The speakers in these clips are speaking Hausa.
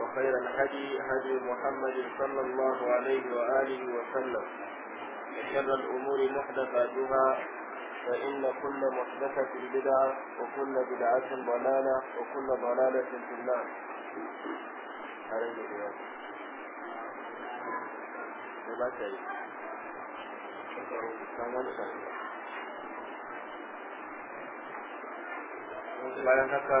وخير الهدي هدي محمد صلى الله عليه وآله وسلم وشر الأمور محدثاتها فإن كل محدثة بدعة وكل بدعة ضلالة وكل ضلالة في النار عليه bayan haka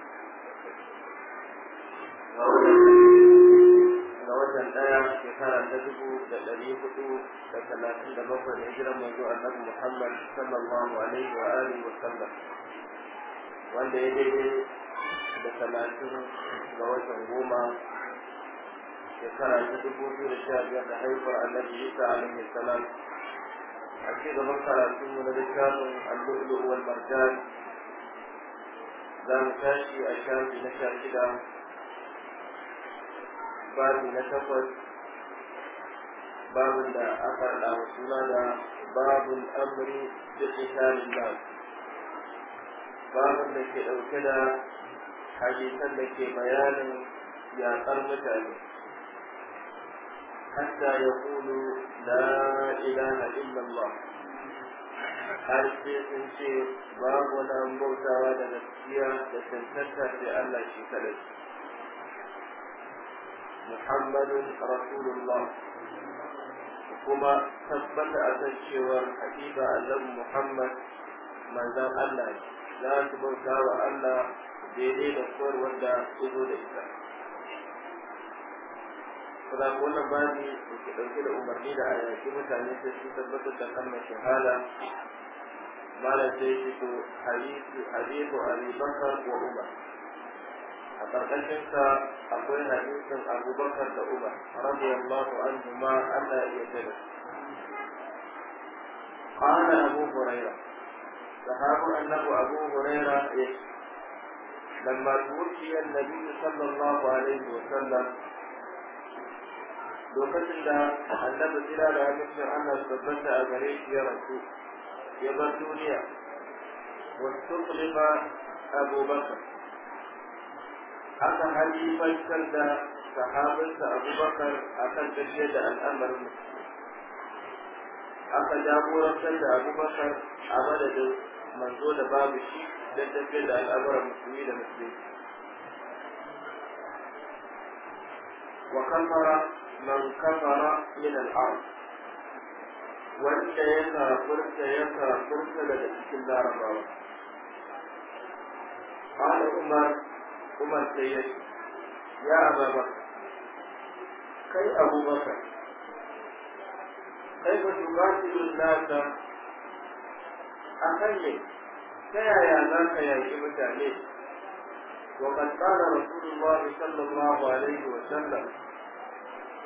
tara ta dubu da ɗari hudu da talatin da bakwai da hijiran manzo annabi Muhammad sallallahu alaihi wa alihi wa sallam wanda ya daidai da talatin ga watan goma shekara ta dubu biyu da sha biyar da haifar annabi Isa alaihi salam a ci gaban karatunmu na littafin al-lu'lu' wal marjan za mu tashi a shafi na sha shida babi na takwas babin da aka dawo suna da babin amri da tsitalin nan babin da ke ɗauke da hadisan da ke bayanin yaƙar mutane hatta ya kulu la ilaha illallah har sai sun ce babu wani an bautawa da gaskiya da tantanta sai Allah shi kadai Muhammadun Rasulullah kuma tabbata a kan cewa habiba Allah muhammad manzan allah ne, za su bauta wa allah daidai da koyarwar wanda ya zo da ita kuma wannan bani da ke ɗauke da umarni da ayyaki mutane sai su tabbatar da kalmar shahada malam sai fito hadisu abibu abubakar umar a ƙarƙashinsa akwai hadisin abubakar da umar radiyallahu anhuma allah ya jira قال أبو هريرة صحاب أنه أبو هريرة لما توفي النبي صلى الله عليه وسلم lokacin da annabi kira da hadisin Allah tabbata a gare shi ya rasu ya bar duniya wasu kuma Abu Bakar haka har yi fankar da sahabinsa abubakar a kan tafiye da al'amarin aka jagorantar da abubakar a madadin manzo da babu shi don tafiye da al'amuran musulmi da musulmi wa kafara man kafara min al'arab wanda ya kafurta ya kafurta daga cikin larabawa قال عمر umar sai ya ce ya ababa kai abubakar kai ba su yi nasa a kan ne ta yaya za ka yaki mutane وقد قال رسول الله صلى wa عليه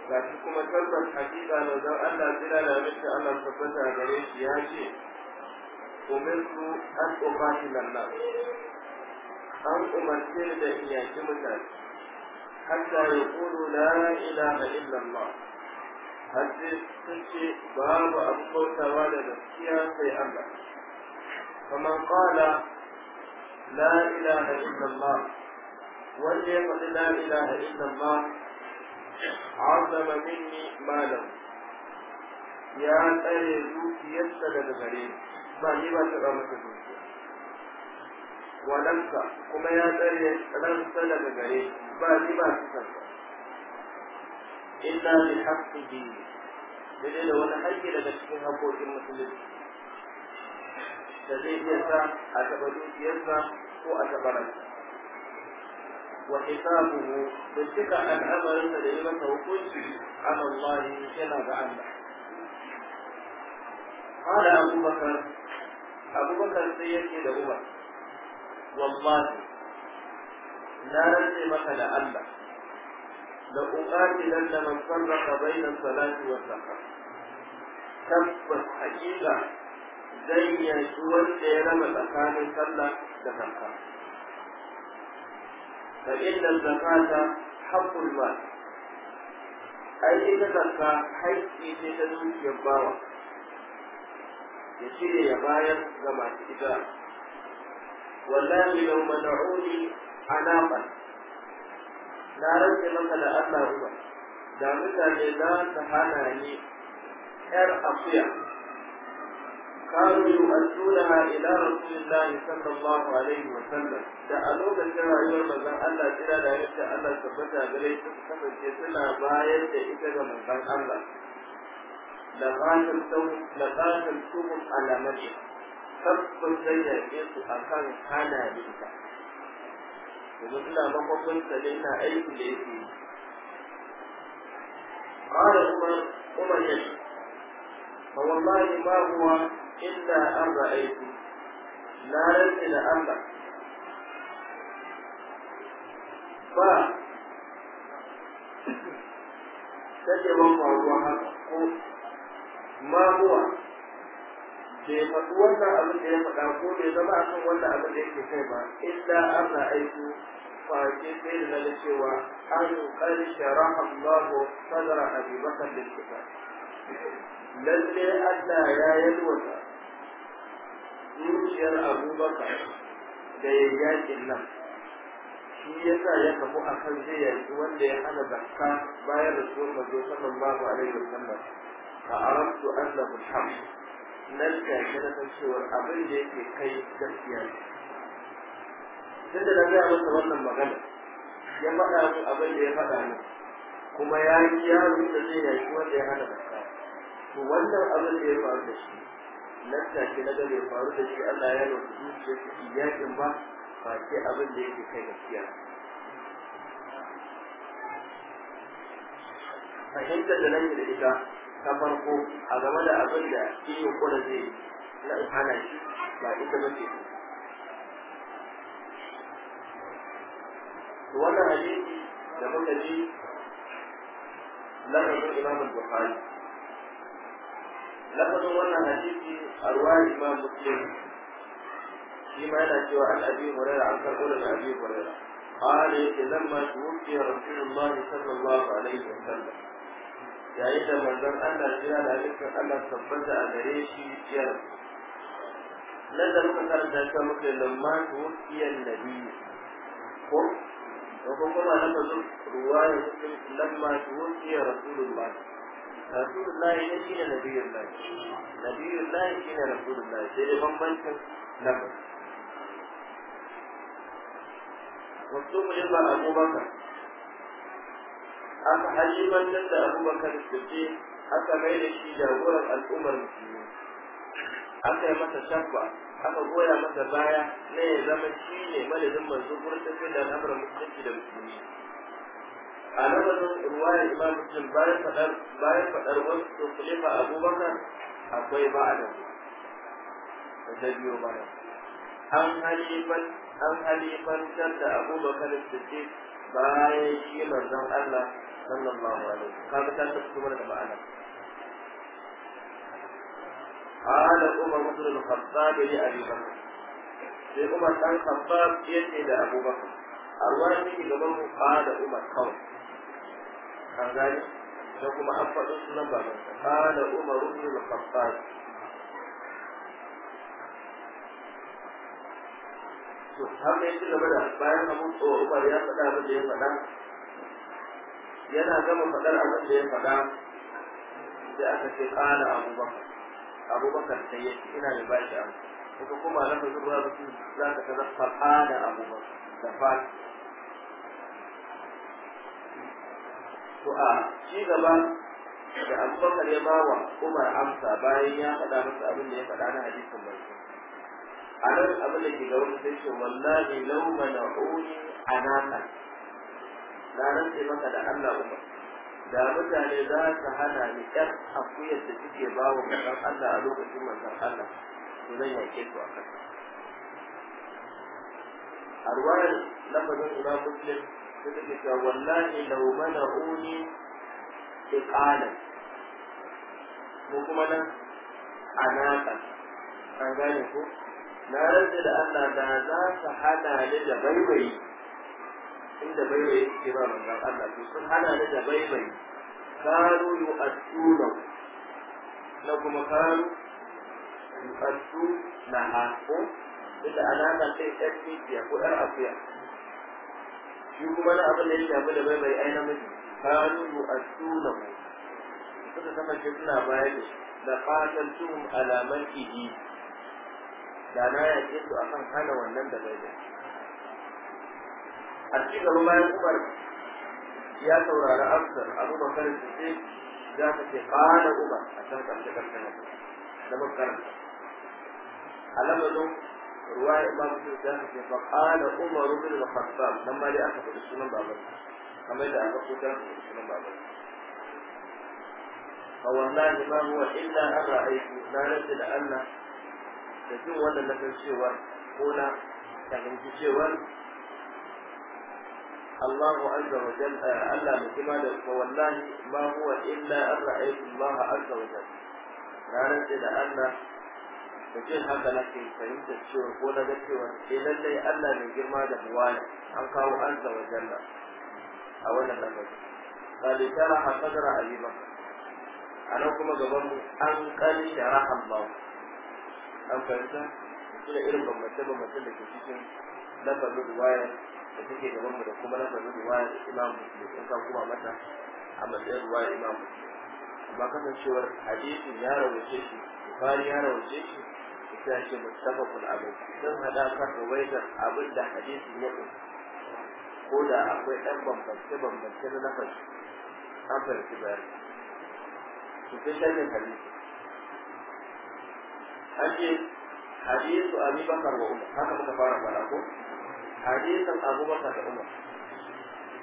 Ga shi kuma tabbas hakika manzon Allah jira da mace Allah tabbata gare shi ya ce umirtu an shi nas an umarce da iyaki mutane hatta ya kuru la ilaha illallah har sai sun ce babu abin da gaskiya sai Allah kamar kala la ilaha illallah wanda ya faɗi la ilaha illallah azama minni malam ya tsare zuciyarsa daga gare ba ni ba ta masa zuciya walanka kuma ya tsare ransa daga gare ba ni ba su kansa illa bi haqqihi dole da wani haƙƙi daga cikin haƙoƙin musulunci da zai iya sa a taɓa dukiyarsa ko a taɓa ransa wa hisabuhu da cika al'amarinsa da yi masa hukunci ala Allah yana ga Allah قال abubakar abubakar sai yake da umar wallahi na rantse maka da Allah da uqatilan da man farraqa baina salati wa zakat tabbas hakika zan yanki wanda ya rama tsakanin sallah da zakka fa inna zakata haqqul mal ai ita zakka haƙƙi ce ta dukiyar bawa ya cire ya bayar ga masu ita wallahi law mana'uni anaqan na rage maka da Allah ruwa da mutane za su hana ni yar akuya kanu yu'addunaha ila rasulillah sallallahu alaihi wa sallam da a lokacin rayuwar bazan Allah kira da yadda Allah tabbata gare shi kasance suna bayar da ita ga manzon Allah لقاتلتهم لقاتلتهم على مدينة tabbas zai yaƙe su a kan hana ninka domin ina ne na aiki da yake yi قال عمر عمر يشهد فوالله ما aiki. Na أن رأيت لا Ba. أن ف تجد ما هو ما هو bai faɗi wannan abin da ya faɗa ko bai zama a kan wannan abin da yake kai ba illa an na aiko face sai da na cewa an ƙarshe Allahu, sadara abubakar da ba lalle Allah ya yalwata zuciyar abubakar da ya yaƙin nan shi ya sa ya kafu a kan zai yaƙi wanda ya hana zakka bayan da rasuwar mazo sallallahu alaihi wasallam fa arabtu annahu alhamdu nan da ke na san cewar abin da yake kai gaskiya ne da na gaya masa wannan magana ya faɗa min abin da ya faɗa min kuma ya yi yaro da zai yaki wanda ya hada baka to wannan abin da ya faru da shi nan da ke na ga bai faru da shi Allah ya nufi zuciyar su iyakin ba ba ce abin da yake kai gaskiya fahimtar da nan da ita ta farko a game da abin da shi yunkura zai na hana shi ba ita ba ce wannan hadisi da muka ji lafazin imam bukhari lafazin wannan hadisi a ruwayar imam muslim shi ma yana cewa an abi hurairah an karɓo daga abi hurairah قال لما توفي رسول الله صلى الله عليه وسلم yayin da manzon Allah jira da dukkan Allah tabbata a gare shi ya muka kasar da ta muke lamman wukiyan nabi ko ko kuma na fasu ruwa lamman ne shi ne nabiyullah nabiyullah shi sai da bambancin wasu mu yi ba aka halimantar da abubakar siddiq aka mai da shi jagoran al'ummar musulmi aka yi masa shabba aka goya masa baya na ya zama shi ne malamin manzo gurin tafiyar da al'amuran musulunci da musulmi a nazarin ruwayar imam muslim bayan faɗar bayan faɗar wasu khalifa abubakar akwai ba'ada da ta biyo baya an halifan an halifantar da abubakar siddiq bayan shi manzon Allah sallallahu alaihi wasallam kaga ta tafi mana da ma'ana قال عمر بن ya abi ba sai Umar dan Khattab yake da Abu Bakar a ruwan yake gaban ku da Umar kawai kan gani da kuma an faɗo sunan ba. ala Umar ibn al-Khattab to har ci gaba da yana gama faɗar abin da ya faɗa sai aka ce abubakar ya ci ina da bashi abu kuma na ka zuba da za ka faɗa abubakar da to a ci da abubakar ya wa umar amsa bayan ya faɗa masa abin da ya faɗa na hadisin barka a nan abin da ke gaba sai ce wallahi lau mana'uni a naka na nan sai maka da Allah umar da mutane za su hana ni ƴar akuyar da suke ba wa manzon Allah a lokacin manzon Allah to zan yaƙe su a kan a ruwayar lafazin imam muslim sai take cewa wallahi lau mana'uni iqalan ko kuma nan a naka an gane ko na rantsa da Allah da za su hana ni da baibayi inda baibayi suke ba manzon Allah to sun hana ni da baibayi kanu yu'adduna na kuma kanu yu'addu na hako inda alama sai tsaki ya kudar afiya shi kuma na abin da ya shafi da baibayi ai namiji kanu yu'adduna suka kasance suna bayar da shi da qatantum ala malkihi da ya ce su akan hana wannan da bai a cikin bayan ya saurari amsar abu ce za ka ce a can na ruwa ya ba su za ka ce umar rubin da fasfam nan ma dai aka faɗi sunan babar kamar da aka kuta sunan babar فوالله ما هو إلا أن رأيت أنه da jin wannan na cewar ko na fahimci cewar الله عز وجل ألا مجمل فوالله ما هو إلا أن رأيت الله عز وجل لا نجد أن mutum haka na ke fahimtar cewa ko na ga cewa sai eh, lallai Allah mai girma da buwaya an kawo an wa janna a wannan lamari kali tara hasadra abi bakar anan kuma gaban an kali da raham an fahimta su da irin bambance-bambancen da ke cikin lafazin ruwaya da take gaban mu da kuma lafazin ruwaya da imam da in ka kuma mata a matsayin ruwaya imam muslim amma kasancewar hadisin ya rawace shi bukari ya rawace shi ta ce mustafakun abu sun haɗa kan rawaitar abin da hadisin ya ƙunsa ko da akwai ɗan bambance-bambance na lafazi an fahimci bayani su fi shanin hadisi an ce hadisu abi bakar wa umar haka muka fara fara ko hadisan abu bakar da umar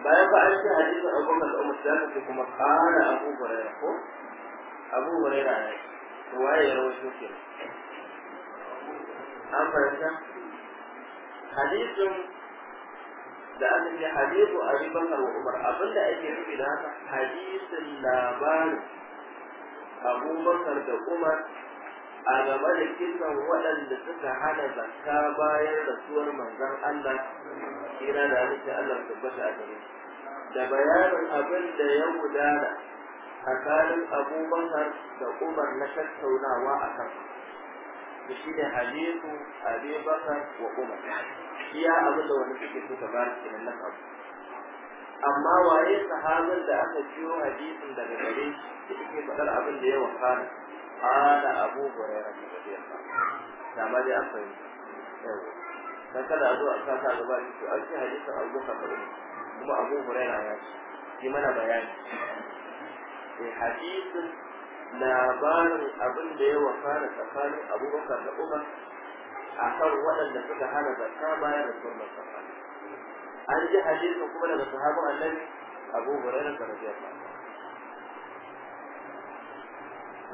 bayan ba an ce hadisan abu bakar da umar za ka kuma kara abu huraira ko abu huraira ne to waye ya rawaito ke an fahimta hadisun da an yi hadisu abi bakar wa umar abinda ake nufi da haka hadisin labarin abubakar da umar a game da kisan waɗanda suka hana zakka bayan rasuwar manzon Allah kira da halittar Allah tabbata a gare da bayanin abin da ya gudana tsakanin abubakar da umar na tattaunawa a kan da shi ne halittu abubakar wa umar iya abin da wani suke suka ba da kenan na abu amma waye sahabin da aka ciyo hadisin daga gare shi da suke faɗar abin da ya wakana qala abu hurairah radiyallahu anhu da ma dai akwai dan kada a zo a kasa gaba da shi an ci hadisin abu kuma abu hurairah ya ce yi mana bayani eh hadisin labarin abin da ya wakana tsakanin abubakar da umar a kan waɗanda suka hana zakka bayan da sunan an ji hadisin kuma daga sahabin annabi abu hurairah radiyallahu anhu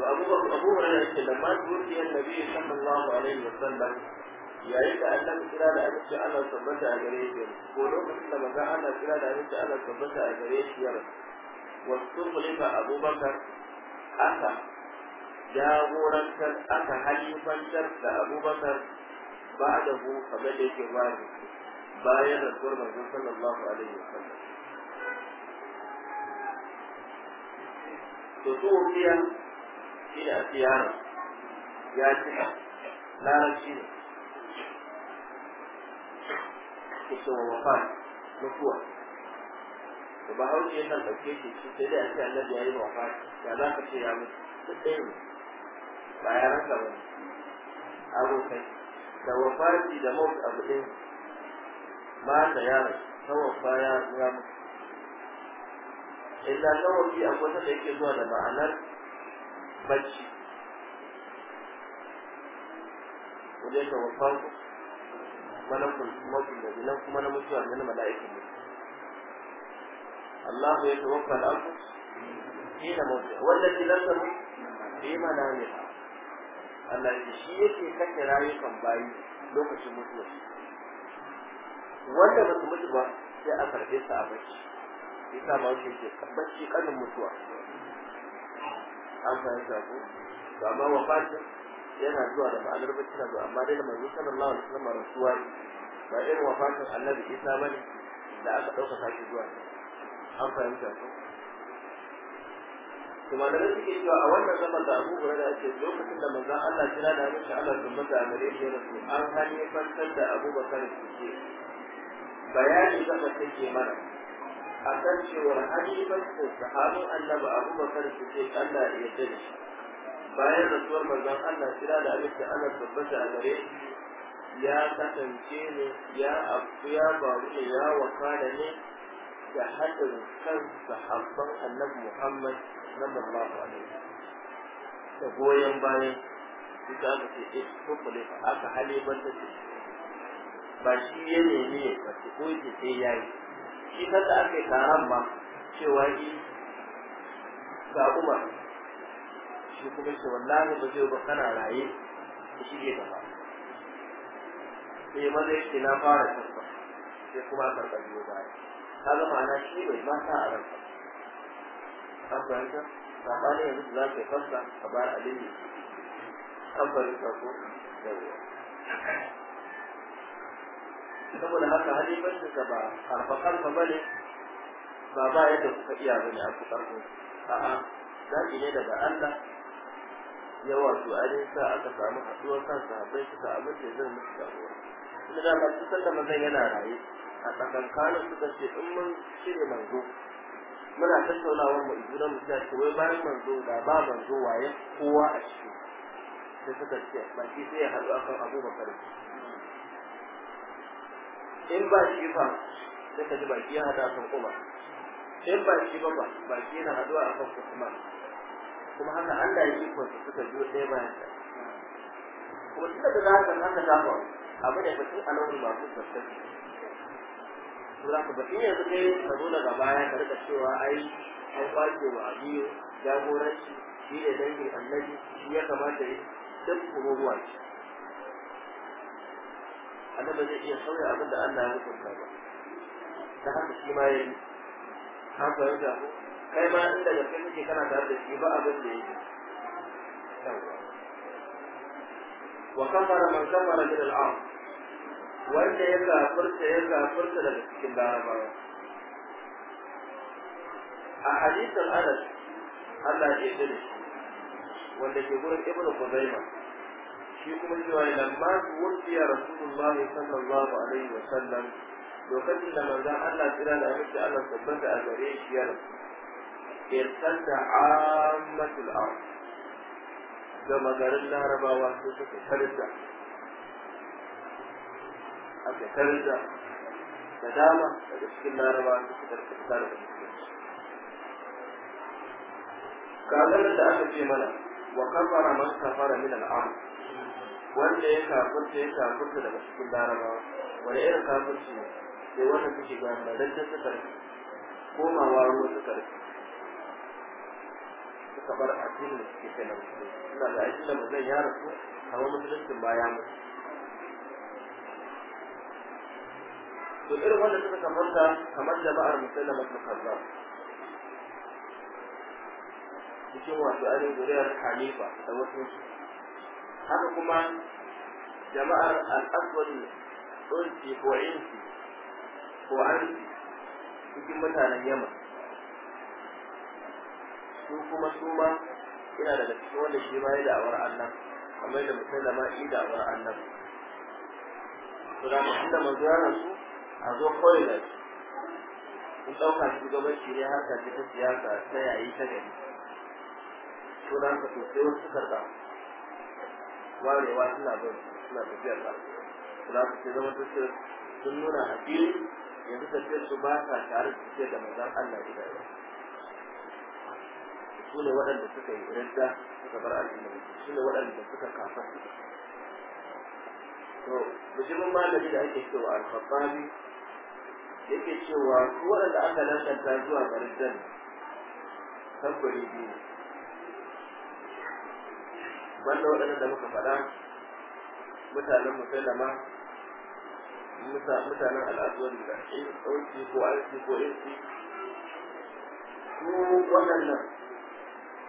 وأبو أبو هريرة لما توفي النبي صلى الله عليه وسلم yayin da Allah kira da abinci ana tabbata a gare shi ko lokacin da maza ana kira da abinci ana tabbata a gare shi yar wasu Abubakar aka jagorantar aka halifantar da Abubakar ba'dahu kamar da yake bani bayan rasuwar manzon sallallahu alaihi wasallam to shi ne asiyana ya ci larabci ne kusa wa wafa mutuwa da ba hauce yana ɗauke shi shi sai dai a annabi ya yi wafa ya za ka ce ya mutu da ɗaya ne ba ya rasa ba abokai da wafati da mawut abu ɗin mata yaro ta wafa ya mutu illa kawai akwai wata da yake zuwa da ma'anar bacci wajen da wasan malakul mauti da nan kuma na mutuwa na mala'ikan mutuwa Allah ya tawaffa al-anfus hina mawtiha wallati ma na ne ba Allah ya shi yake kake rayukan bayi lokacin mutuwa wanda ba su mutu ba sai a karbe sa a bacci yasa ba wuce ke bacci kanin mutuwa an fahimta ko to amma wafatin yana zuwa da ma'anar bacci na zuwa amma dai da mai manzo da alaihi marasuwa ne, ba irin wafatin annabi isa ba ne da aka ɗaukaka shi zuwa an fahimta ko kuma da suke cewa a wannan zaman da abu da ake lokacin da manzan Allah kira da mace Allah zumba da amare shi rasu an hanyar fantar da abubakar suke bayani zama take mana a kan cewar halifansa sahabin annaba abubakar su ce Allah ya yarda da shi bayan rasuwar manzon Allah kira da abinci Allah tabbata a gare ya kasance ne ya abu ya baru ne ya wakana ne da haɗin kan sahabban annabi Muhammad sallallahu alaihi da goyon bayan su ta ka ce ɗin kukule aka halifanta ba shi ya nemi ya fasu ko ya ce sai ya yi idan da aka yi taron ma cewa yi ga umar shi kuma ce wallahi ba zai ba kana raye da shi ke gaba sai eh, maza yake na fara tafa sai kuma a karɓar biyo baya ta zama na shi bai ma sa a ranka an fahimta saɓanin yanzu za ka yi fasa a bayan abin ne an fahimta ko yawwa saboda haka ban ka ba karfa-karfa ba ne ba ba yadda kuka iya ba ne a ku karfa a'a ki ne daga Allah yawa su sa aka samu haɗuwar kan bai suka abin da zai musu jagora kuma da masu da mazan yana raye a tsakankanin suka ce in mun cire manzo muna tattaunawar mu izuna mu ta ce wai bayan manzo da ba manzo waye kowa a ciki sai suka ce baki sai ya haɗu akan abubakar in ba shi fa sai ka ji baki ya hada kan kuma in ba shi ba baki na haduwa a kan kuma kuma haka Allah ya yi kwanci suka ji ɗaya bayan ɗaya kuma duk da za ka haka ta faru abu da mutum a lokacin ba kusa ta Sura ka baki yanzu kai ka zo daga baya ka rika cewa ai an kwace wa abiyo jagoranci shi ne dangin annabi shi ya kamata ya duk kuma ruwa shi أنا بدي أشوي عبد الله أنا أقول كذا ده هم سيماي هم بيرجعوا كي ما أنت يفهم شيء كنا قاعد سيبا عبد الله وكمر من كفر من العام وإن يرجع فرصة يرجع فرصة لك كن دارا بارا الحديث الأنس الله يجلس والذي يقول ابن خزيمة shi kuma cewa lamma tuwfiya rasulullah sallallahu alaihi wa sallam lokacin da manzon Allah tsira da abinci Allah tabbata a gare shi ya rasu irtadda ammatul ard gama magarin larabawa su suka tarda aka karinta. da dama daga cikin larabawa suka da kalar da aka ce mana wa kafara man kafara min al-ard wanda ya kafurta ya kafurta daga cikin larabawa wani irin ce ne sai wanda suke ga madantar suka rufe komawa ruwa suka rike suka bar addinin da suke kai na musulunci suna da aiki da mazan ya rasu kama musuluncin baya mutu to irin wanda suka kamanta kamar jama'ar musulma suka kaza cikin wasu alin zuriyar hanifa da wasu haka kuma jama'ar al'aswad ɗunci ko inci ko an cikin mutanen yamma su kuma su ma ina daga cikin wanda shi ma ya da'awar allah kamar da musulama yi da'awar allah su da mutum da manzo ya su a zo kawai da su kun ɗauka shi ne harka ce ta siyasa ta yayi ta gari to da haka sosai wasu karɓa warewa suna bin suna tafiyar ba za su ce zama sun sun nuna a fili yanzu tafiyar su ba ta tare da tafiyar da mazan Allah gida ba su ne waɗanda suka yi rinda suka bar al'umma su ne waɗanda suka kafa to bijimin malami da ake cewa al-khattabi yake cewa su waɗanda aka lantanta zuwa ga rindan tabbari biyu wanda waɗannan da muka faɗa mutanen musulama mutanen al'adun da in ɗauki ko aiki ko aiki su waɗannan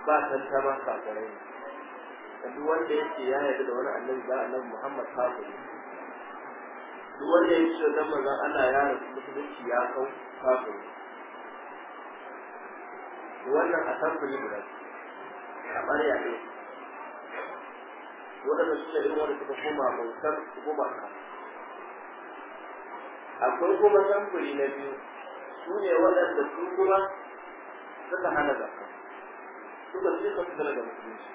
ba tantama ne. da duk wanda yake ya yarda da wani annabi ba annabi Muhammad ne duk wanda yake da dan manzon ana ya rasu musulunci ya kau ne wannan a tabbali guda a ɓarya ne waɗanda suka rika wanda suka koma bautar ka. akwai kuma samfuri na biyu su ne waɗanda su kuma suka hana zakka suka ce ka fitar da musulunci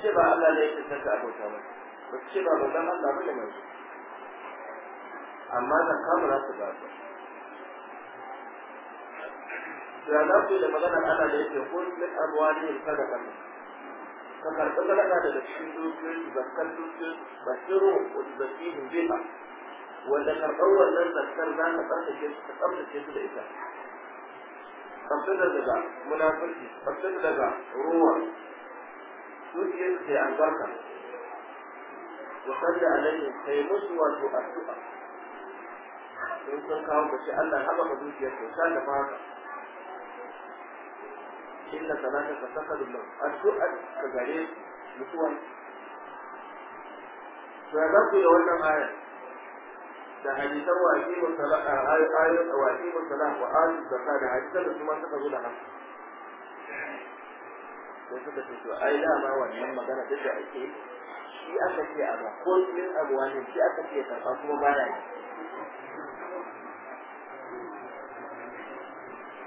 ce ba Allah ne ya tantance abota ba ba ce ba manzon Allah ba ne mai amma zakka ba za su ba ba da za ku yi da magana Allah da yake kun min amwalihim sadaqatan ka karɓi galaba daga cikin dukiyoyi zakkan dukiyoyi ba tsiro wani zakihin zai ba wanda karɓar wannan zakkar za ka tsarkake su ka tsarkake su da ita tsarkake daga munafurci tsarkake daga ruwa dukiyar ke albarka wasanda alayhi kai musu wato addu'a in sun kawo ka Allah haɓaka dukiyar ka sa da haka inna salata ka sakadu lahu addu'a ka gare mutuwan to ya za ku da wannan aya da hadisan wa aqimu salata ayu wa aqimu salata wa atu zakata da hadisan da kuma suka zo da haka sai suka ce to ai dama wannan magana duk da ake shi aka ce a ba ko abuwa ne, shi aka ce karɓa kuma ba ya yi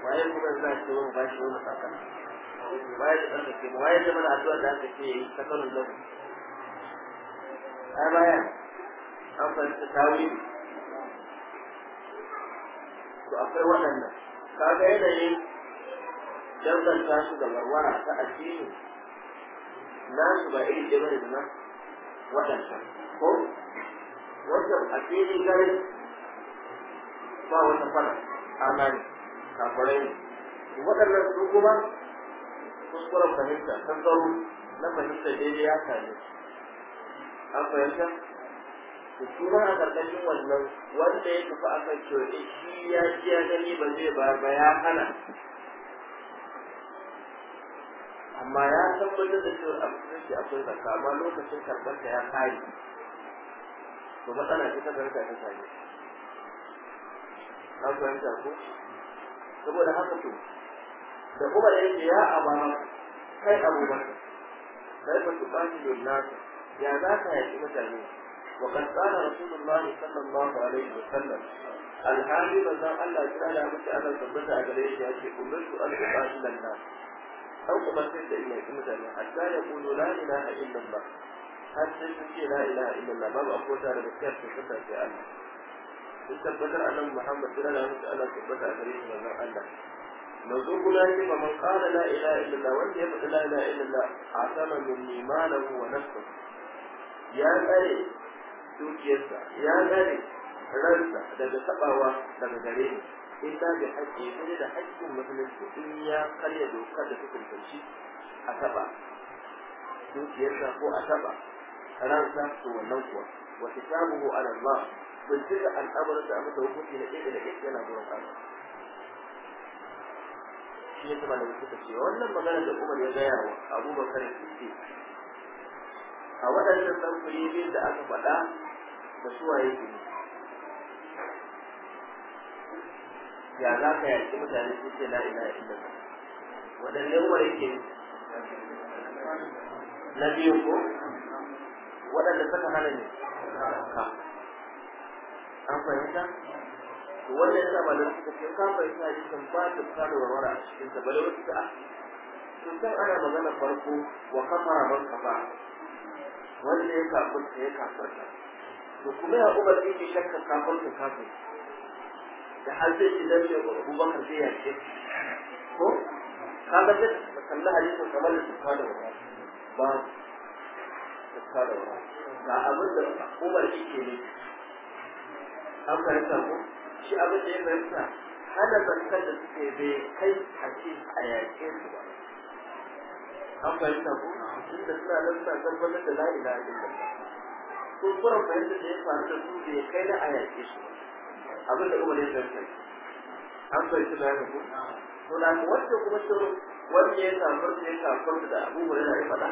waye kuma za shi wani ba shi wani sakana waye da ɗan ke waye da mana addu'a da aka ce yi sakanin lafi ai bayan an fahimta tawili to akwai waɗannan kaga yanayin danganta su da warwara ta addini nasu ba iri ɗaya bane da nan waɗancan ko wancan addini gare ba wata fara amani kafirai ne waɗannan su kuma kuskuren fahimta ta tsaro na fahimta daidai ya same su an fahimta su kuma a ƙarƙashin wannan wanda ya tafi aka cewa eh, shi ya ji ya gani ba zai ba ba ya hana amma ya tabbatar da cewa a musulunci akwai zakka amma lokacin karɓar ya kare to matsala ce ta fahimta ta same an fahimta ko saboda haka to da kuma da yake ya abana kai abubakar sai ba su bani lillahi ya za ka yaki mutane wa kan tsara rasulullahi sallallahu alaihi wa sallam alhali bazan Allah ya tsara miki ana tabbata a gare shi yake umirtu an tuqati lillahi an kuma sai da ina yaki mutane hatta ya qulu la ilaha illallah har sai su ce la ilaha illallah babu akwai da gaskiya su fita sai Allah sun tabbatar a nan Muhammad sallallahu alaihi wasallam tabbata a gare shi wannan Allah manzo kuma ya ce man qala la ilaha illallah wanda ya faɗi la ilaha illallah asama min imalahu wa nafsihi ya tsare dukiyarsa ya tsare ransa daga tabawa daga gare ni in ta ga haƙƙi ne da haƙƙin musulunci in ya karya dokar da ta kuntanci a taɓa dukiyarsa ko a taɓa ransa to wannan kuwa wa kitabuhu ala Allah bincika al'amarin da aka hukunci na ɗaya da ɗaya yana zuwa ƙasa. shi ne kuma da suka ce wannan magana da Umar ya gaya wa Abubakar Siddiq a waɗannan tambayoyi da aka faɗa da suwaye ne ya za ka yaƙi mutane su ce la'ila inda ka? waɗanne ruwa yake na biyu ko waɗanda suka hana ne ka an fahimta to wannan yasa malam suka ce ka fahimta shi kan ba ta kada warwara a cikin ta bale wasu ta ah, to sai ana magana farko wa kafara ban kafa wanda ya kafirta ya kafirta to kuma ya umar ki shakka kafirta kafir da har zai ci dan ne abubakar zai yake ko Ka kaga duk kalla hadisin kamar da su kada warwara ba su kada warwara ga abin da umar yake ne an fahimta ko shi abin da ya fahimta hana bantar da suke bai kai a ce a yaƙe su ba an fahimta ko da suna nan suna tabbatar da la ilaha illallah ko kuran fahimta da ya faru da su bai kai na a yaƙe su abin da kuma ne fahimta an fahimta da ya ko to na wanda kuma shirin wanda ya samu da ya samu da abubuwa da yi faɗa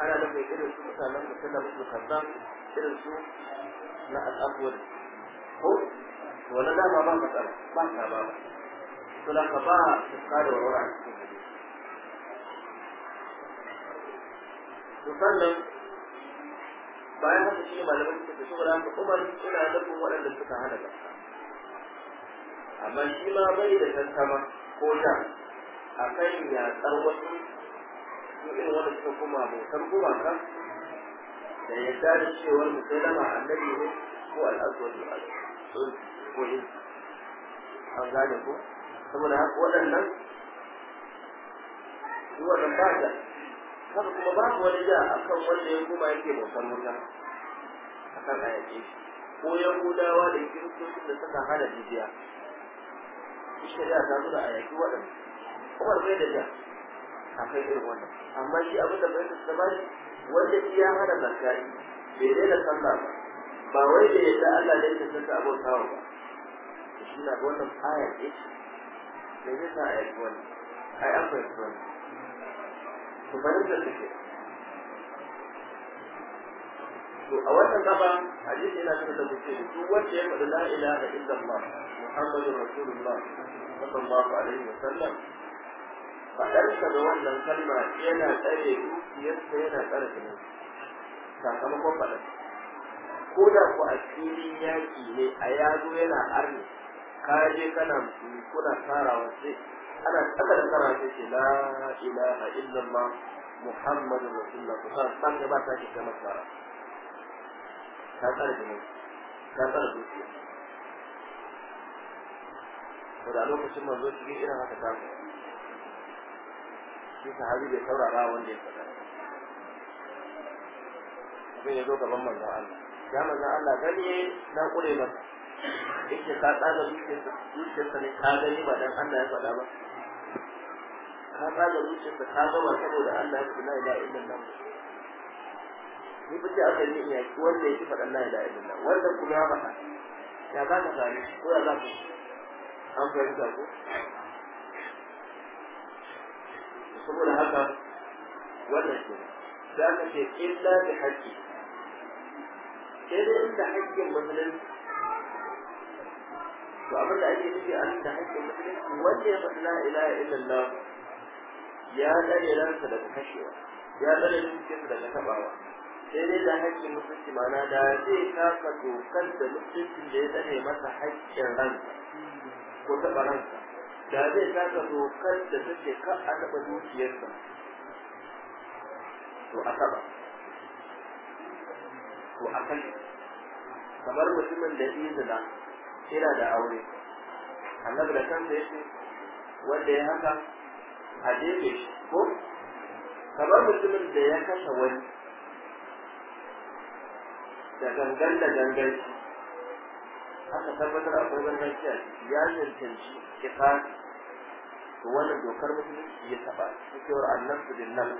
ana da mai irin su mutanen da suna musu kaza irin su na al'abuwar ko wani da ba ka ka ba ka ba su la ka ba su ka da wara Su sannan bayan haka shi malamin suka ce saboda haka Umar ina nufin waɗanda suka hana zakka amma shi ma bai da tantama ko da akan yatsar wasu su irin wanda suka kuma bautar gumaka da yadda da cewar musulama annabi ne ko al'adu al'aswar al'aswar ko izzi an gane ko saboda haka waɗannan su waɗanda ba da haka kuma babu wani da akan wanda ya kuma yake bautar wuta a ayyace shi ko yahudawa da kiristocin da suka hana jijiya shari'a ta nuna a yaki waɗanda umar bai da ja a kan irin wannan amma shi abin da bai da ba wanda shi ya hana barkari bai daina sallah ba ba wai da yadda Allah ne ke saka abota ba shi na wannan aya ce me zai sa a yi wani A ai an fahimci wani to fahimtar da ke to a wannan gaba hadisi yana kan da mutum duk wanda ya faɗi la ilaha illallah muhammadur rasulullah sallallahu alaihi wa sallam faɗarsa da wannan kalma yana tsare dukiyarsa yana tsare tunan sakamakon faɗarsa ko da ku a filin yaƙi ne a yazo yana arni ka je kana musulmi kuna farawa sai ana tsaka da farawa sai ce la ilaha illallah muhammadu rasulullah ku san san gaba ta ke kama fara ta tsara jinin ta tsara dukiya ko da lokacin manzo cikin irin haka ta ku shi sahabi bai saurara wanda ya faɗa abin ya zo gaban manzon Allah ya manzan Allah gani na ƙure ba yake ka tsaga zuciyarsa ne ka gani ba dan Allah ya faɗa ba ka tsaga zuciyarsa ka gama saboda Allah ya faɗa ila ila nan ni ba ce aka yi iya wanda yake faɗa la ila ila nan wanda kuma ya faɗa ya za ka gani ko ya za ka an fahimta ko saboda haka wannan ke da aka illa bi haƙƙi sai inda haƙƙin musulunci to abin da ake nufi a da haƙƙin musulunci wanda ya faɗi la ilaha illallah ya tsare ransa daga kashewa ya tsare zuciyarsa daga tabawa sai dai da haƙƙin musulunci mana da zai kafa dokar da musuluncin da ya tsare masa haƙƙin ransa ko taɓa ransa da zai kafa dokar da take ka a taɓa zuciyarsa to a taɓa to a kamar mutumin da yi zina yana da aure annabi da da yake wanda ya haka a jefe shi ko kamar mutumin da ya kashe wani da gangan da gangan haka tabbatar akwai gangan kiyaye ya cancanci kifasi to wannan dokar mutumin ya taba cikin annabtu bin nan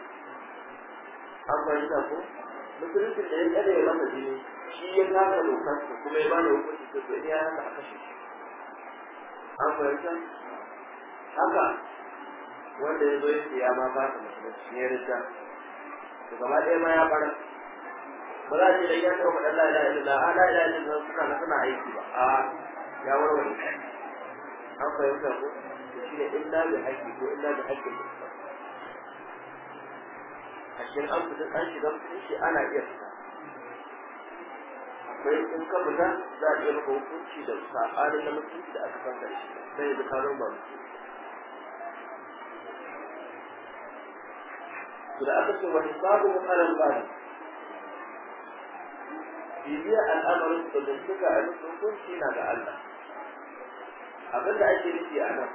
an fahimta ko musuluncin da ya kada ya masa jini shi ya kasa lokarsa kuma ya bada hukunci ta to ya haka a kashe an fahimta haka wanda ya zo ya ce ma ba ta musulunci ya rita to gaba ɗaya ma ya ɓara ba za a ce da ya kawo faɗin la ilaha illallah a la ilaha illallah suna na suna aiki ba a ya warware an fahimta ko shi ne illa bi haƙƙi ko illa bi haƙƙin musulunci in an fita an shiga shi ana iya fita akwai in ka fita za a iya maka hukunci da sa'adin na mutunci da aka fanta shi sai ya zaka rumba to da aka ce wani babu matsalar bani bibiya al'amarin da bincika a cikin hukunci na ga Allah Abinda ake nufi a nan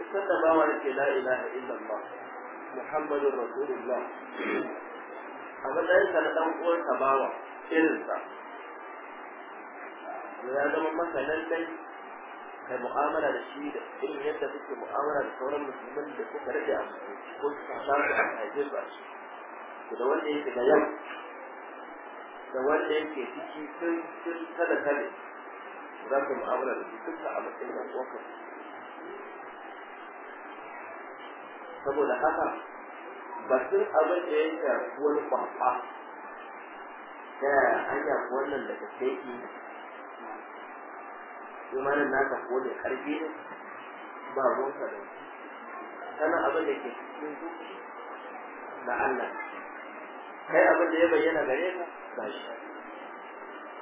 ita da bawa yake la ilaha illallah محمد رسول الله أبدا إنسا لتنقل تباوة إنسا لأن مثلا لي هي مؤامرة رشيدة إن يبدأ فيك مؤامرة لصورة المسلمين لكوك رجع كل سعشان لأجيب رشيد كده وانت إيه تجيب كده وانت إيه تجيب كل كل كده كده وانت مؤامرة رشيدة كل سعب إنسا وقف saboda haka batun abin da ya ruwan wani kwamfa ta yaya an shafi wannan daga teki nan naka ko da karfi ne ba ka da kana abin da ke cikin zuci da Allah kai abin da ya bayyana gare ka ba shi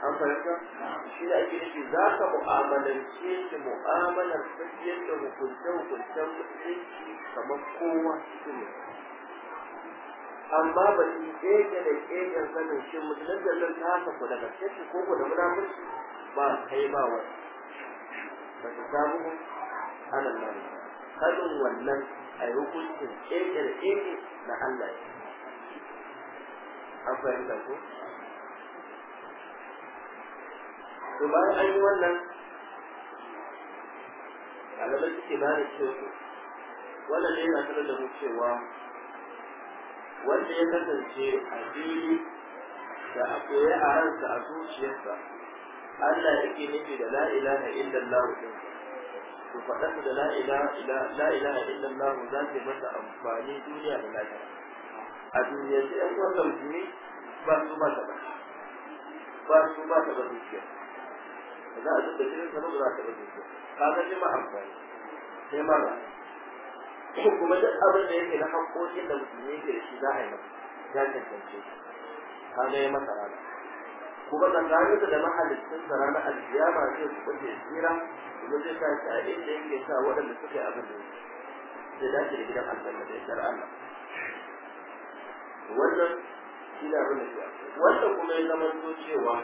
an fahimta shi da ake nufi za ka mu'amalance shi mu'amalar tafiyar da hukunce hukuncen musulunci kamar kowa su ne amma ba shi ƙege da ƙegen sanin shi musulunci nan ta haka ku daga cikin ko ku da munafurci ba kai ba wani ba su samu anan nan kadin wannan a yi hukuncin ƙege da ƙege na Allah ya yi. an fahimta ko to bayan an yi wannan alamar suke ba da cewa wannan ne yana sanar da mu cewa wanda ya kasance a fili da a koya a ransa a zuciyarsa Allah yake nufi da la ilaha illallah din to faɗa da la ilaha illallah za ta masa amfani duniya da lafiya a duniyar da ƴan wanda musulmi ba su ba ta ba ba su ba ta ba zuciyarsa za a duk da jinin sa ba za ka rage shi ka ga shi sai mara kuma duk abin da yake na haƙƙoƙin da musulmi yake da shi za a yi masa ya tantance ka ga ya masa rana kuma tsakaninsa da mahalittun sa ranar alkiyama zai su kwace tsira kuma zai sa shi a inda yake sa waɗanda suke yi abin da zai dace da gidan aljanna da yardar Allah wannan shi ne abin da ke wannan kuma ya zama cewa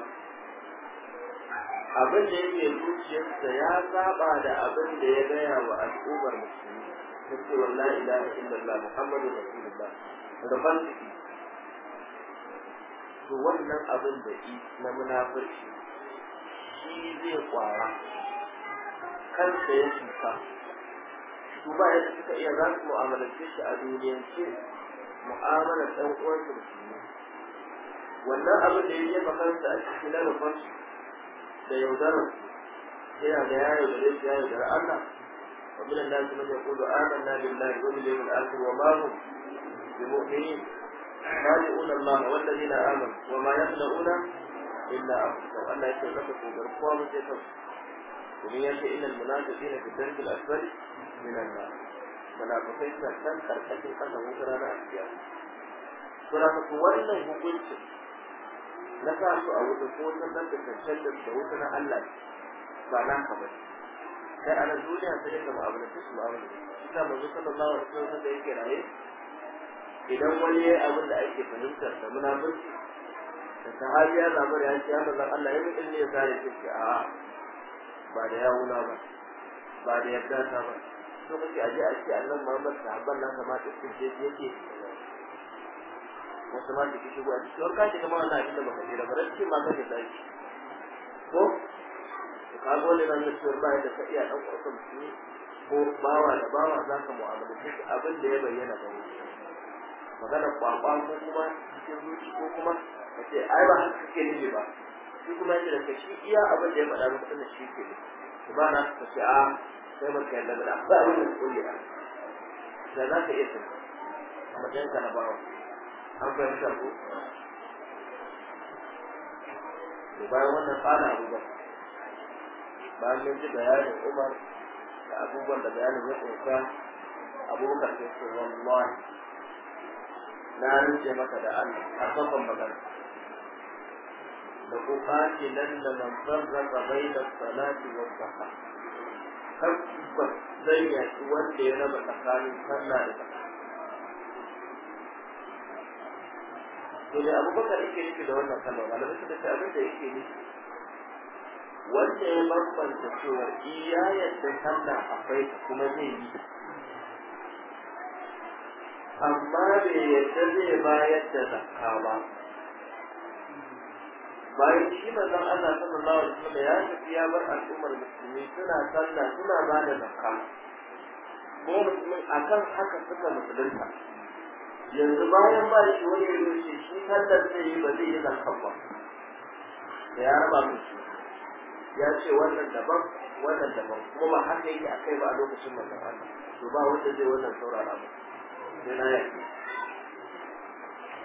abin da yake zuciyarsa ya saba da abin da ya gaya wa al'ummar musulmi ta ce wallahi ilaha illallah muhammadu rasulullah rabban ciki to wannan abin da yi na munafurci shi zai kwara kansa ya cuta su ba yadda suka iya za su mu'amalance shi a ce mu'amalar ɗan uwansa musulmi wannan abin da ya jefa su a cikin na rufan da yaudarar yana da ya yaudare shi ya yaudare Allah wa min an-nas man yaqulu amanna خالقون الله والذين آمنوا وما يخلقون إلا أنفسهم ألا يتلفقوا بالقوام يتلفقوا ومن يشاء إن المنافقين في الدرج الأسفل من النار منافقين سنة أركتهم أنه مكرانا أحيانا منافقوا وإنه مقلتهم na sa su a wuta ko ta nan da tattalin da wuta na Allah ba na ka ba sai ana duniya sai da abu da su wani ita manzo Allah alaihi wasallam da yake raye idan wani yayi abin da ake fahimta da munafiki da sahabi ya zabar ya ce amma zan Allah ya yi ilmi ya sare shi a ba da yawuna ba ba da yadda ta ba to kace aje a ce annabi Muhammad sahabban nan kamata su je yake wasu ma su shigo a cikin warka shi kamar wannan abin da baka jira ba rashin ma kake da shi ko to ka ga wannan nan cewa ba da sai ya dan kurkun musulmi ko bawa da bawa za ka mu'amala shi abin da ya bayyana ba magana kwakwa ko kuma cikin zuci ko kuma ka ce ai ba haka kake nufi ba shi kuma yake da ka shi iya abin da ya faɗa maka tunda shi ke ne ku ba na ka ce a ah, sai mun kai da ba abin da kulle da za ka iya tunta a matsayin ka na bawa an fahimta ko to bayan wannan kana abubakar bayan mun ji bayanin umar da abubuwan da bayanin ya kunsa abubakar ya ce wallahi na rinje maka da allah a kan magana da ku kace nan da man zarraka baina salati wa zakka tabbas zai yaki wanda ya raba tsakanin sallah da zakka to da abubakar yake nufi da wannan kalmar malamai suka abin da yake nufi wanda ya bambanta cewa iya eh, yadda sallah akwai kuma zai yi amma bai yadda zai bayar da zakka ba bayan shi manzon Allah sallallahu alaihi wasallam ya tafi ya bar al'ummar musulmi suna sallah suna ba da zakka ko musulmi akan haka suka musulunta yanzu bayan ba shi wani yi wuce shi sallar zai yi ba zai yi zarkan ba da ya raba su shi ya ce wannan daban wannan daban kuma ba haka yake a kai ba a lokacin masu Allah to ba wanda zai wannan saurara ba sai na yaki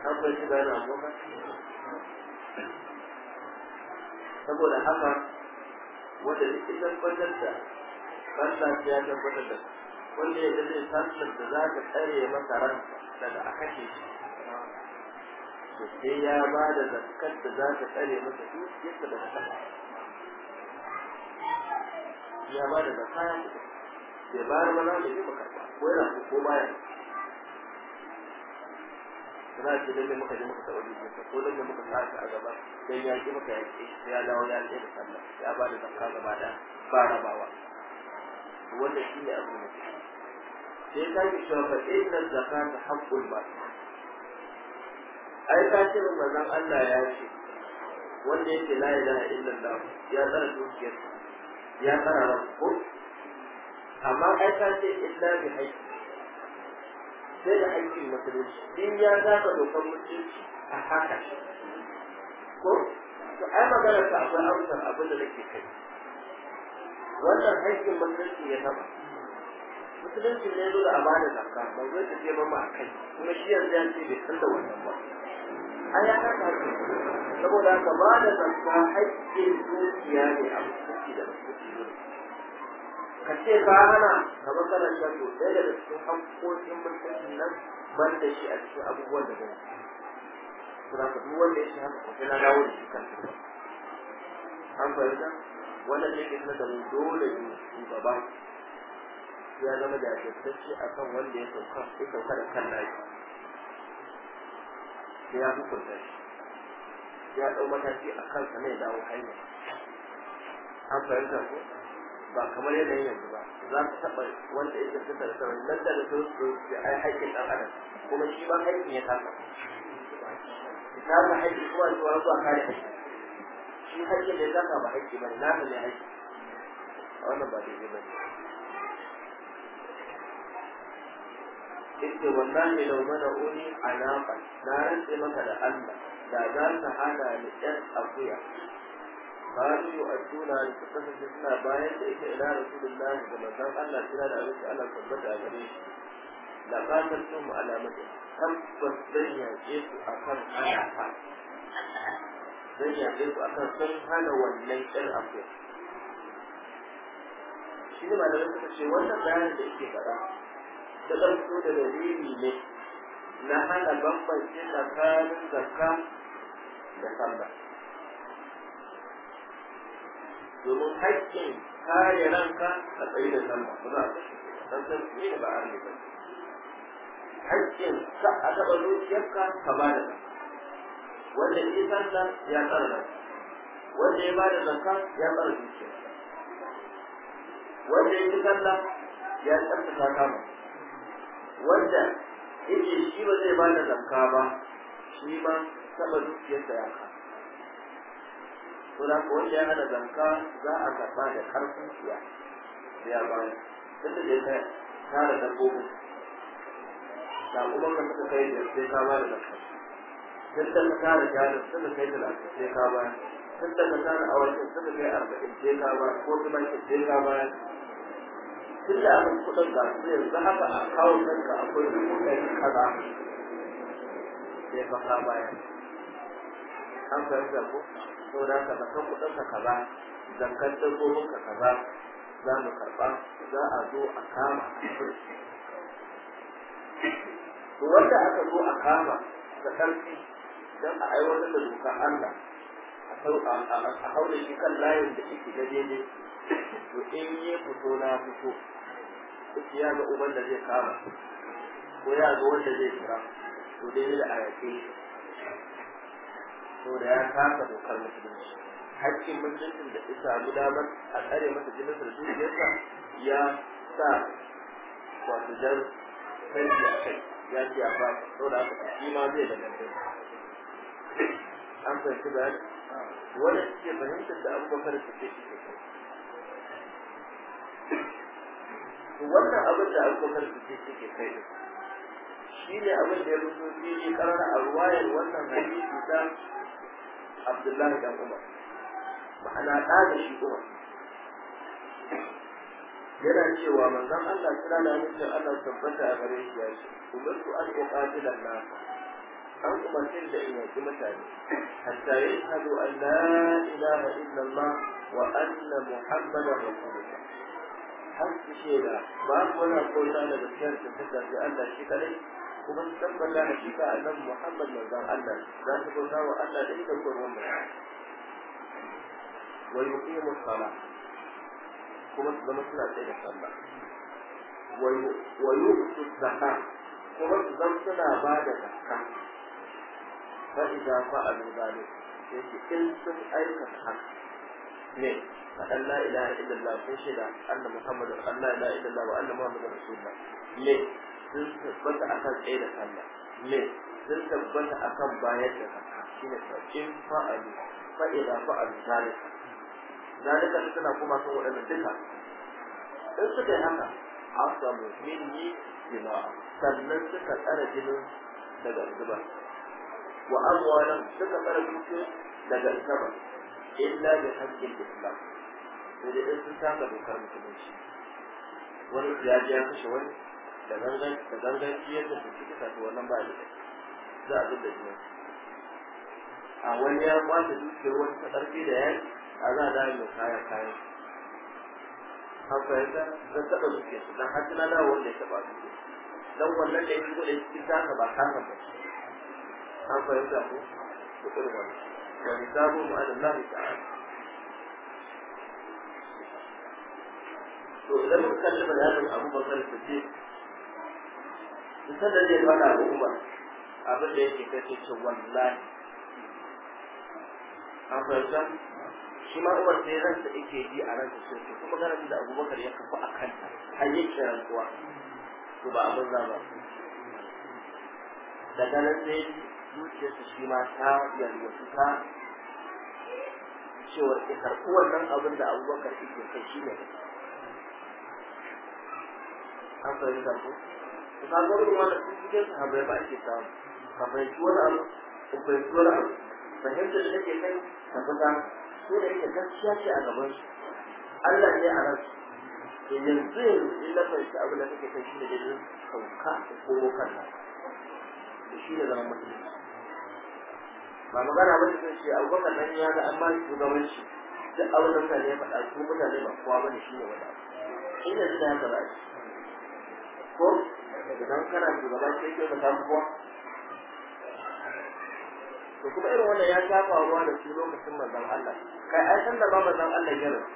an bai shi bayan abokan saboda haka wanda duk idan kwantar da Allah ya tabbatar da su wanda ya zai tantar da za ka tsare masa ran daga a kashe shi to sai ya ba da zakkar da za ka tsare masa dukiyarsa daga kasa ya ba da zakka ya ba bai bayar ba za mu yi makarba ko yana ko baya za ce lalle muka je muka taɓa dukiyarsa ko lalle muka sa a gaba dan ya ki muka yake ya dawo ya tsaye da sallah ya ba da zakka gaba da ba rabawa wanda shi ne abu ne sai ka yi cewa fa zaka ta haqqul ba. ai ka ce manzon Allah ya ce wanda yake la ilaha illallah ya tsara dukiyar ya tsara ranko amma ai ka ce illa bi haqqi sai da haƙƙin musulunci din ya zaka dokar musulunci a haka ko to ai magana ta akwai amsar abin da nake kai wannan haƙƙin musulunci ya zama musulunci ne zo da amana zakka ba zai ta ce ba a kai kuma shi yanzu ya ce bai san da wannan ba an ya kasa haƙƙi saboda haka ba da zakka haƙƙin dukiya ne a musulunci da musulunci ka ce ka hana ka ba kana shan to ɗaya daga cikin haƙƙoƙin musulunci nan ban da shi a cikin abubuwan da zai kuma ka duk wanda ya shi haka ko dawo da shi kan an fahimta wannan ne ke nuna da dole ne shugaba ya zama da jajirtacce a kan wanda ya sauka ya sauka da kan lafi ya hukunta shi ya ɗau mataki a kansa ne dawo hanya an fahimta ku. ba kamar yadda yanayin yanzu ba za ka taɓa wanda ya tafi da sauran nan da sun su da ai haƙƙin ɗan adam kuma shi ba haƙƙin ya tafi ta ba haƙƙi kuma zuwa zuwa kare haƙƙi shi haƙƙin da ya tafi ba haƙƙi ba ne na ne haƙƙi a wannan ba daidai ba ne yake wallahi lau mana uni anaka na rantse maka da Allah da za ta hada ni ɗan akuya kanu yu aduna da su kasance suna bayan da ita da rasulullahi da manzon Allah kira da abinci Allah tabbata a gare shi la qatal mu ala mata tabbas dan yaƙe su akan ayafa dan yaƙe su akan sun hana wannan ɗan akuya shi ne malamai suka ce wannan bayanin da yake faɗa ta ɗauko da dalili ne na hana bambance tsakanin zakka da sallah domin haƙƙin kare ranka a tsaye da sallah ba za a kashe dan da ne ba a ba haƙƙin ka a taɓa zuciyarka ka ba da zakka wanda ya sallah ya tsara ranka wanda ya ba da zakka ya tsara zuciyarka wanda ya ci sallah ya tsarkaka kama wanda yake shi ba zai bada zakka ba shi ba saba dukiyarsa ya ka to da ko wanda ya hada zakka za a karba da karfin siya da ya bayar duk da ya tara dabbobin da kuma ka suka kai da sai ka bada zakka da ka da jarin suka kai da sai ka duk da ka da awakin suka kai arba'in sai ka bayar ko kuma sai ka bayar tun da aka kuɗin ga su yanzu haka a kawo kanka akwai dubu ɗari kaza sai ka sa baya an fahimta ko saboda haka zakan kuɗin ka kaza da dabbobin ka kaza za mu karba za a zo a kama wanda aka zo a kama da ƙarfi don a aiwatar da dokar Allah a haure shi kan layin da yake da daidai to in yi fito na fito ciki ya ga uban da zai kama ko ya ga wanda zai kira to dai da ayyace to da ya kasa dokar musulunci hakkin mutuncin da isa gudanar a tsare masa jinin da dukiyarsa ya sa wato jan kai a kai ya ce a fara saboda haka shi ma zai da an fahimci ba wanda suke fahimtar da abubakar suke shi wannan abin da alƙawar da ke kai da shi ne abin da ya fito ne karar alwayar wannan hadisi da Abdullahi dan Umar ma'ana ɗa da shi Umar yana cewa manzon Allah kira da mutum Allah tabbata a gare shi ya ce umartu an uqatila na an cin da in yaki mutane hatta yashhadu an la ilaha illallah wa anna muhammadan rasulullah har su shaida babu wani kota da gaskiyar su fita sai Allah shi kadai kuma su tabbata hakika annabi Muhammad manzon Allah za su bauta wa Allah da ita gurbin mu wa yuqimu salat kuma su zama suna tsaye da sallah wa yuqtu zakat kuma su zama suna ba da zakat fa idza fa'alu dhalik sai in sun aikata haka ne faɗan la ilaha illallah ko shaida anna muhammadu an la ilaha illallah wa anna muhammadu rasulullah me sun tabbata akan tsaye da sallah me sun tabbata akan bayar da zakka shine fa in fa'alu fa idza fa'alu zalika zalika suna kuma sun waɗannan duka in suka yi haka min yi jima'a sannan suka tsara jinin daga zubar wa amwalan suka tsara dukiyar daga zubar illa bi haƙƙin islam sai dai in sun saba dokar musulunci wani yaji ya kashe wani da da ganganci yadda su suka tafi wannan ba da za a zuba jini a wani ya kwanta dukiyar wani ta ƙarfi da yaki a za a dawo mai kayan kayan an fahimta zan taɓa dukiyar su don har tana dawo wanda ya taɓa dukiyar Dan wannan da ya fi kuɗin cikin taka ba taka ba an fahimta ko da kuɗin wani wani sabon mu'adallah ta'ala to idan muka kalli bayanin Abu Bakar Siddiq misal da zai faɗa da Umar abin da yake kai ce wallahi an fahimta shi ma Umar sai ransa yake ji a ransa sai to kuma ganin da Abu ya kafa akan har yake rantsuwa to ba abin za ba daga nan sai zuciyarsa shi ma ta yalwatu ta cewar ya karɓi wannan abin da abubakar yake kai shi ne an fahimta ko to ka ga irin wannan sun cikin sahabbai ba samu ka fahimci wani abu abu fahimtar da take kai ka fita su da yake gaskiya a gaban Allah ne a ransu to yanzu in na fahimci abu da kake kai shi ne da sauka da komo kanka da shi ne zaman mutum ba magana ba ce ce abubakar nan ya ga amma shugabanci duk abin da mutane ya faɗa su mutane ba kowa ba ne shi ne Idan dan kana shugaba sai kai ka samu kuwa to kuma irin wannan ya ta faruwa da su lokacin manzon Allah kai ai san da ba manzon Allah ya rasu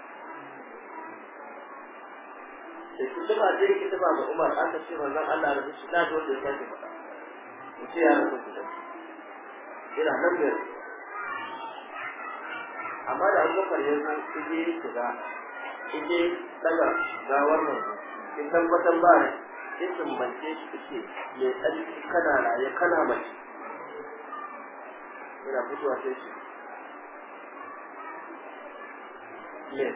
da su tuma je ki tuma ga Umar aka ce manzon Allah ya rasu da dole ya sake faɗa mu ce ya rasu da ina nan ne amma da Abubakar ya san ije shiga ije daga gawar nan in tabbatar ba da sai sumbance shi kake mai tsarki kana raye kana mace yana fitowa sai shi ne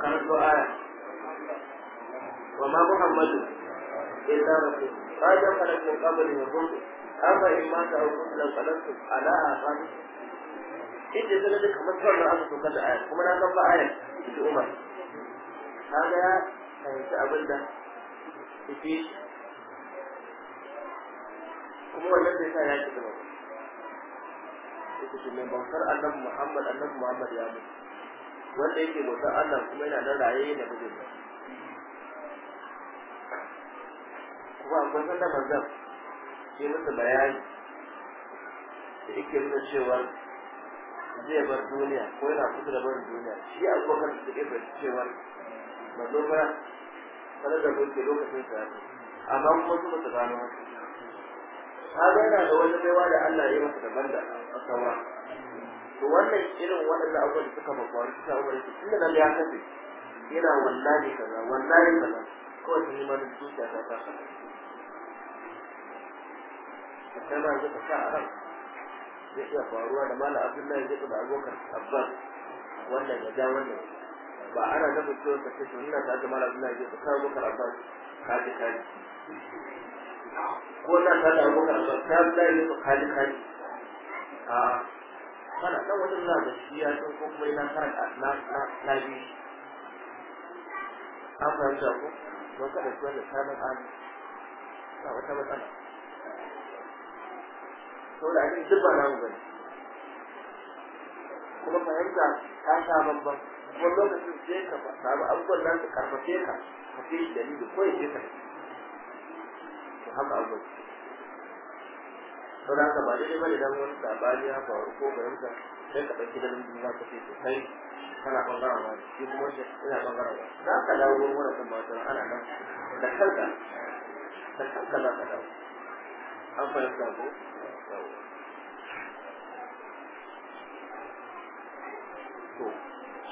karanto aya wa ma muhammadu illa rasul qad khalaq min qablihi rusul afa in ma ta hukum lan qalatum ala aqabi inda zan da kamar wannan aka so da aya kuma na kafa ba aya ki umar kaga fahimci abinda su fi shi kuma wannan bai sa ya ki gaba ita shi mai bautar annabi muhammad annabi muhammad ya mutu wanda yake bautar allah kuma yana nan raye da bugun kuma a akwai da manzan ke musu bayani da yake nuna cewa zai bar duniya ko yana kusa da bar duniya shi abubakar da ke bai cewa manzo fara sanar da kai lokacin sa amma kuma su mutu gano haka yana da wani baiwa da Allah ya masa daban da sauran to wannan irin waɗanda abubuwan suka faru suka faru tunda nan ya kace yana wallahi kaza wallahi kaza kawai ta yi mana zuciya ta ta kai ma zai sa a ran zai iya faruwa da Malam abdullahi zai da abokan abbas wannan ya ja wannan ba ana nufin cewa ta ce sunna ta ga mala Allah ya ka muka rafa ka ji ka ko na ta da muka rafa ta da ya ka ji ka a kana dan wajen na da shi ya san ko kuma ina kan na na na bi an fahimta ko don kada su wanda sabon ali ba wata matsala saboda da duk ba na mu bane kuma fahimta ta sha bambam kuma lokacin sai ka samu abubuwan nan su karfafe ka ka fi shi dalili ko ya je ka to haka abubuwan Sau da haka ba daidai ba dan wani sabani ya faru ko fahimta sai ka ɗauki dalilin da za ka fi to kai kana ɓangaren wani shi kuma wancan ina ɓangaren wani za ka dawo wurin wani kan matan ana nan da kanka da kanka za ka dawo an fahimta ko yawwa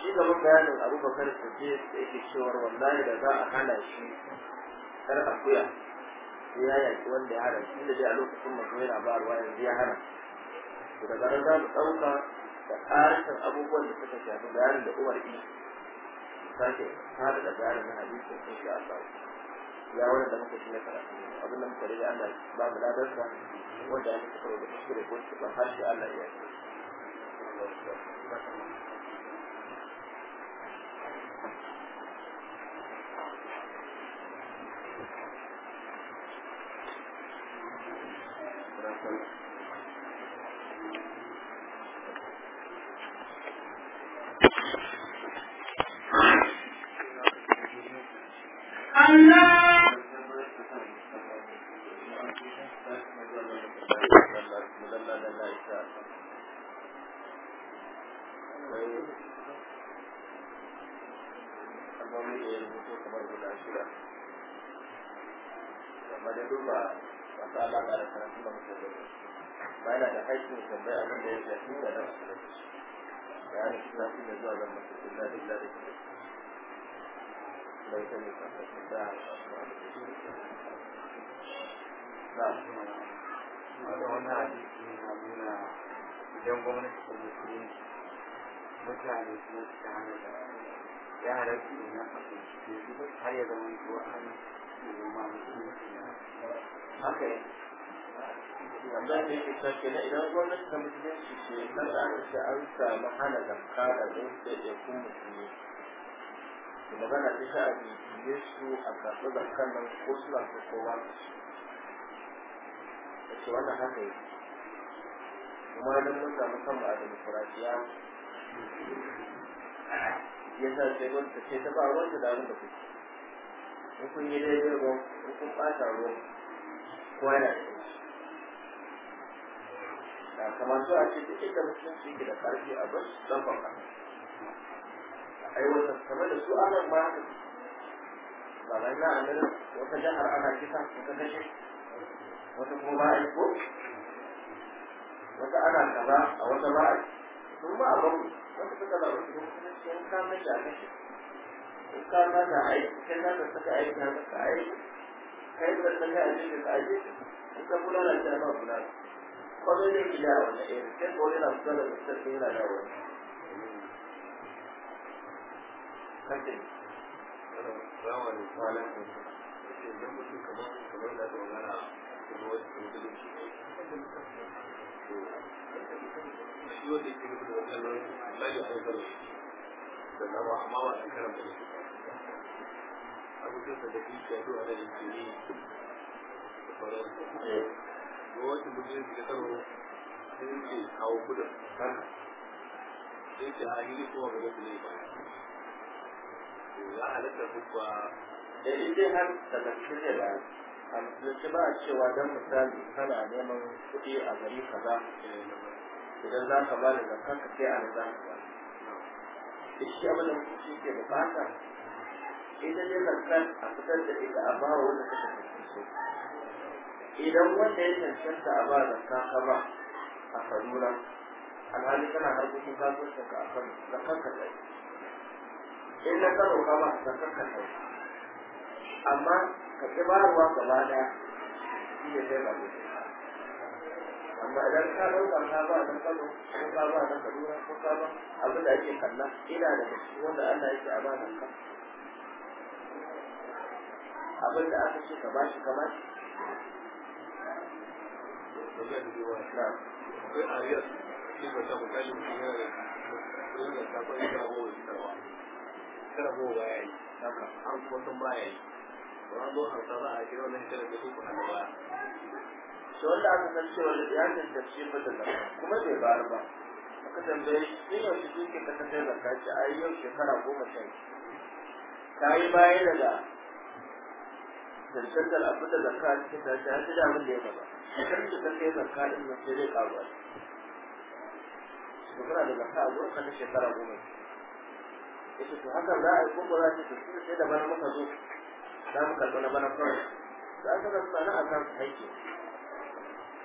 shi gaban bayanin abubakar siddiq da yake cewar wallahi da za a hana shi kar akuya sai ya yaki wanda ya hana shi da a lokacin mutum yana ba ruwa yanzu ya hana to daga nan za mu ɗauka da ƙarshen abubuwan da suka shafi bayanin da umar yi sake fara da bayanin na hadisi sun a Allah ya wani da muka shi na karatu abin da muka rage Allah ba mu ladarsa wanda ya muka kawo da kuskure ko ban harshe Allah ya yi. mutane na ya idan gwamnati ta musulunci ce na da aka ce an samu a wannan haka yi kuma don mun samu kan ba yasa sai wanda ce ta ba wanda da abin da kuke in kun yi daidai ruwan in kun ɓata ruwan kowa yana da da kamar zuwa ce duk inda musulunci yake da ƙarfi a bar su ɗan baka aiwatar kamar da su anan ba haka ba na na amir wata jihar ana kisa wata kashe wata kuma ba a yi ko wata ana kaza a wata ba a yi sun ba a bamu wanda da zaɓi shiga musulunci in ka mata aiki in ka mata aiki kai za da saka aiki da saka aiki kai da saka aiki da ka aiki in ka kula da ta ba kula da kwallo zai ki da wani irin kai da yana kula da ta sai yana da wani kace Assalamu alaikum wa alaikum salam. da idan mutum kamar kamar da dogara da wani mutum da shi ne. shi wanda yake rubuta wannan lauyi ba ya haifar da da amma ba su karanta da shi abubuwan da da shi ke zuwa da yake da faransa ko wata mutum da karo sai yake kawo kudin kan sai yake a yi kowa ga wasu ne ba ya halatta da eh, dai har da gaskiya da ba a cewa don misali kana neman kuɗi a gari kaza eh. idan za ka bada da zakka ka sai a za ka ba da shi abin da mutum ke bukata idan ya zakka a fitar da ita a bawa wanda ka tafi idan wanda ya cancanta a ba zakka ka ba a kaduna alhali kana harkokin kasuwancin ka a kano zakka ka tsaye in na karo ka ba zakka ka tsaye amma ka ƙi bayarwa gaba ɗaya shi ne sai ba amma idan ka ɗauka ka ba dan kano ko ka ba dan kaduna ko ka ba abin da ake kalla ina da shi wanda Allah yake a ba nan ka abin da aka ce ka ba shi ka shi kada ko ba yayi haka ba yayi ko an zo an sana a kira ne da wanda aka san cewa da ya tantance ba da kuma bai bayar ba aka tambaye shi ne yau shi ke ka tantar da ka ce ai yau shekara goma sha ta yi baya daga tantantar abin da zakka ta ta ta ta da damun da ya gaba shekarar da ta kai zakka din na sai zai karuwa shekara da zaka a gurin kan shekara goma ya ce to haka za a yi kuma za ta sai da bana maka zo za mu karɓi na bana kawai za a saka na a kan haike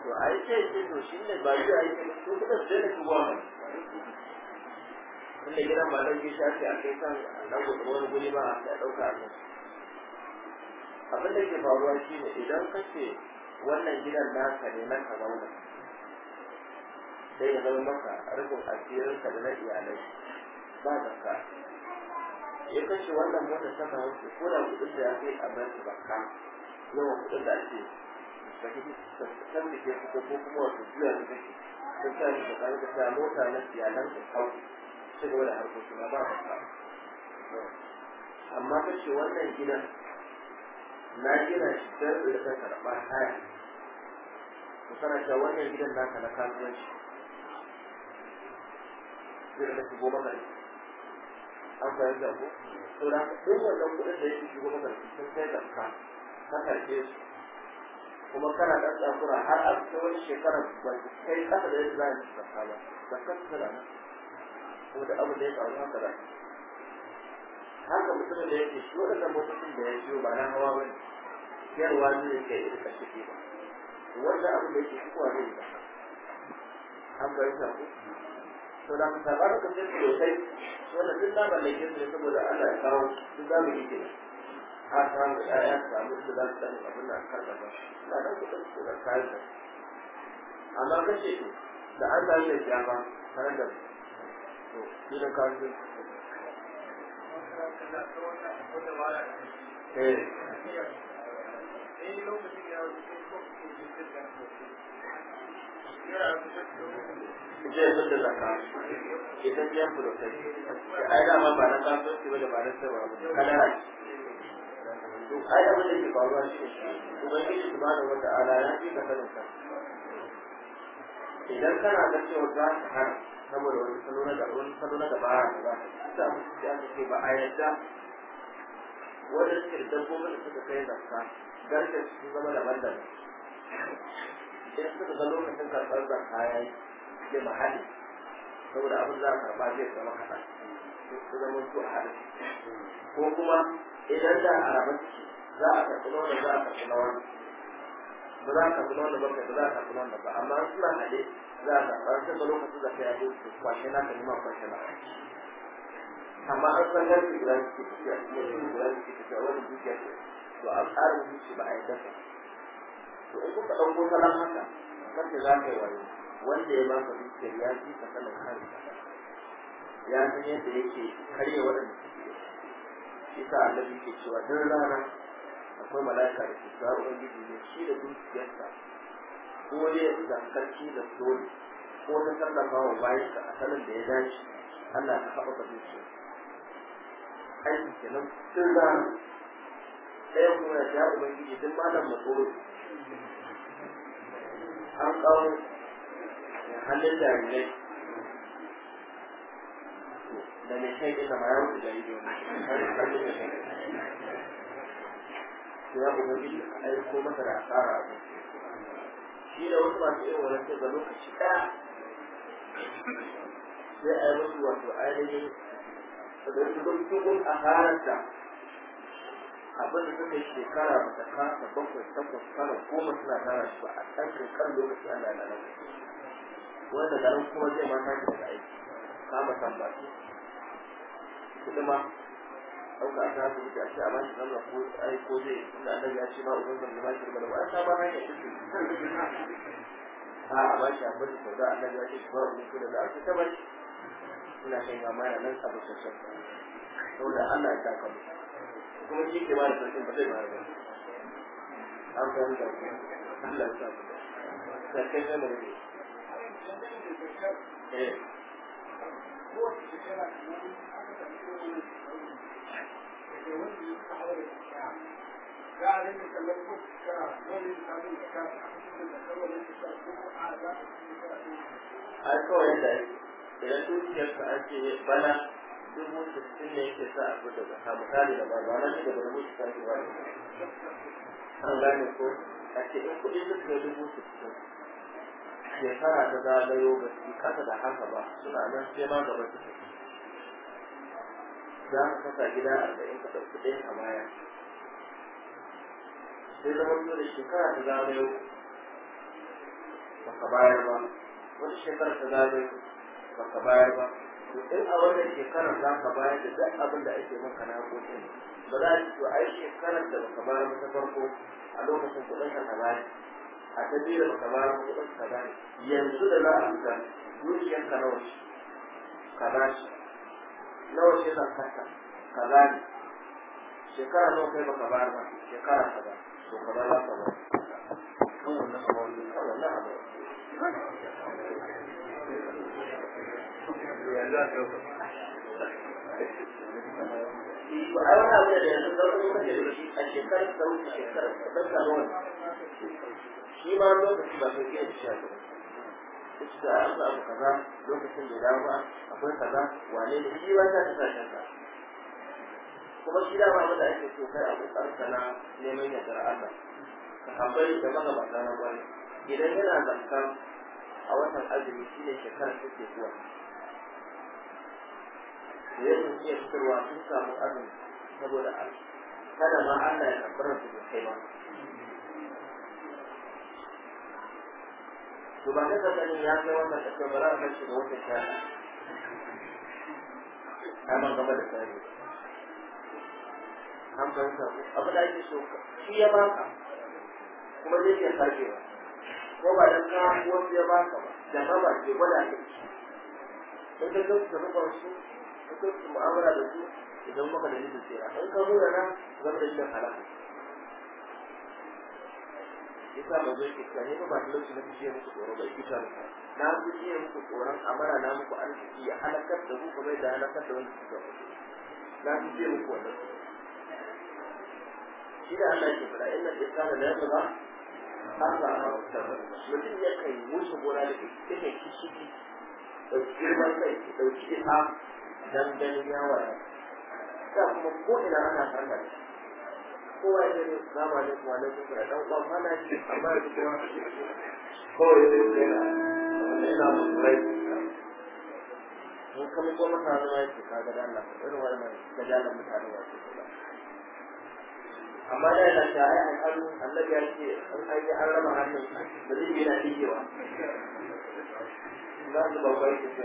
to ai sai ce to shi ne ba shi ai to kuka sai ku ba mu inda gidan ba dan gisha ce a kai kan dan ku wani guri ba a ɗauka a abin da ke faruwa shi ne idan ka ce wannan gidan naka ne na ka zauna sai ya zama maka rikon rufin ka da na iyalai ba zakka ya kashe wannan mota ta kawo ko da kudin da ya kai a bar zakka yawan kudin da ake da gudu da san da ke ko kuma wato juya da gudu sun sa ni da da ta mota na iyalan ka kau ci gaba da harkokin ba ba ka amma ta ce wannan gidan na gina shi don da ta karɓa haya ku sana cewa wannan gidan naka na kasuwanci zai da shigo maka an fahimta ko to da haka duk wannan kuɗin da ya shigo maka sun kai da ka ka karɓe su kuma kana da tsakura har a cikin wani shekarar ba kai ƙasa da yadda za a ci ba ba ka tsira ba ko da abu da ya kawo haka ba haka mutumin da yake shi waɗannan motocin da ya ciwo ba na hawa ba ne wani ne ya ke da ƙarshe ke ba wanda abu da yake shi kowa zai yi ba an bari ta ku to da mutabarakan da sosai wannan duk na da su ne saboda Allah ya kawo duk za mu yi kenan har ta hanga ƴaƴa su za su sani abin da aka karɓa da kayan da amma kashe shi da an sami da siya ba tare da to shi da kasu eh zai fi da zaka idan ya fi da kai ai dama ba na kasuwanci ba da ba na sai ba kadara ce to ai abin da ke faruwa shi ubangiji subhanahu wata'ala ya fi ka sanin ka idan kana da cewa za ka hana saboda wani salo na gaba wani salo na gaba da za ka ci da mutum ba a yadda wani dabbobin da suka kai zakka garke su zama daban-daban idan suka ga lokacin karɓar zakka ya mahalli saboda abin za ka karɓa zai zama kaɗan su zama su a haɗin ko kuma idan da a rabu za a karɓi nono za a karɓi na wani ba za a karɓi nono ba ka za a karɓi nono ba amma suna haɗe za a karɓi an saka lokacin da ka yaɗe su kwashe na ka nima kwashe na amma an san garfi ciki suke tafiya kuma shi ciki suke a wani dukiya ce to a tsarin ciki ba a yi dafa to in kuka ɗauko salon haka kanta za ka yi wani wanda ya baka dukiyar ya fi ka sanar kan ya san yadda yake karya waɗanda isa annabi ke cewa duk rana akwai mala'ika da ke zuwa ubangiji ne shi da dukiyarsa ko ne da sarki da dole ko ta tallafa wa bayan sa asalin da ya dace Allah ta haɓa ka zuciya aiki kenan duk rana ɗaya kuma ya ja ubangiji duk malam matsoro an kawo hannun jarirai da mai kai da bayan su da ido ya ubangiji aiko masa da asara a shi da wasu masu irin wani sai ga lokaci ɗaya sai a yi musu wato ainihin da dubun asararta abin da suka yi shekara ba ta kasa bakwai takwas kana goma suna tara shi ba a ɗan kan lokaci ana lalata wanda garin kuma zai mata da aiki kama tambaki kuɗi ma ɗauka a kasu da ake a bashi nan ko ai ko zai da annabi ya ce ba uban zan da bashi da ba an saba hanyar shi a a bashi a bashi sau da annabi ya ce shi ba uban kuɗi da ake ta shi. ina kan gama yana nan a bashi sau saboda Allah ya taka mu kuma shi ke ba da sarkin ba zai ba da an gani da Allah ya taka mu sarkin zai mai eh a kawai da idan dukiyarka ake bana dubu sittin ne ke sa abu daga ha misali da ba na shi daga dubu sittin ba an gane ko a ce in kuɗi duk ne dubu sittin shekara ta zagayo ba su kasa da haka ba suna nan sai ma gaba su za ka kasa gida arba'in ka ɗauki ɗaya a baya sai zama biyu da shekara ta zagayo baka bayar ba wata shekara ta zagayo baka bayar ba to in a wannan shekarar za ka bayar da duk abin da ake maka na hakokin ba za ki ci to ai shekarar da baka bayar ta farko a lokacin kuɗin ka bayar a ta biyu da baka bayar kuɗin ka bayar yanzu da za a fita dukiyar ka nawa ka shi. nawa ce zakarka kaza ne shekara nawa kai baka bayar ba shekara kaza to kaza za ka bayar kan wannan abu wannan abu wannan abu ba da yanzu da shi a shekarar da wuce shekarar da ta ma lokaci ba sai iya shi ita da abu abu kaza lokacin da dawo ba akwai kaza wane ne shi ba ta tafi kuma shi dama wanda ake so kai a kokarin sana neman yardar Allah ka hambayi da magabata na gwani idan yana zankan a watan azumi shi ne shekarar take zuwa da ya sun iya fitarwa sun samu azumi saboda Allah kada ma Allah ya karɓar su da kai ba to ba da ganin ya kai wannan kasar ba za a kai shi da wata shara a man gaba da tsari an fahimta abu da ake so shi ya baka kuma zai iya sake ba ko ba dan ka wasu ya baka ba da ma ba ke gwada ne in ka zo ka rubar su ka zo mu'amala da su idan maka da nufin sai a kan ka zo da nan zama da shan halaka yasa ba zai ke kane ba talauci na kuke muku tsoro ba ita muku na kuke muku tsoron amara na muku arziki ya halakar da muku mai da halakar da wani kuka na kuke muku wannan shi da Allah ke fara inna insana la yaba Allah ma tsara mutum ya kai wuce gona da ita ne kishi dauki girman kai dauki ta dan ganin yawa da kuma ko ina ana fara da shi kowa ya ne salamu alaikum wa alaikum salam dan uwan mana shi amma ya ji kuma kowa ya ce na ina musulai mun kama ko mutane ma yake ka ga Allah irin wannan gajalan mutane ya ce amma da yana ta ai al'adu annabi ya ce an ai an raba hannun da zai yana digewa za su babbar su ce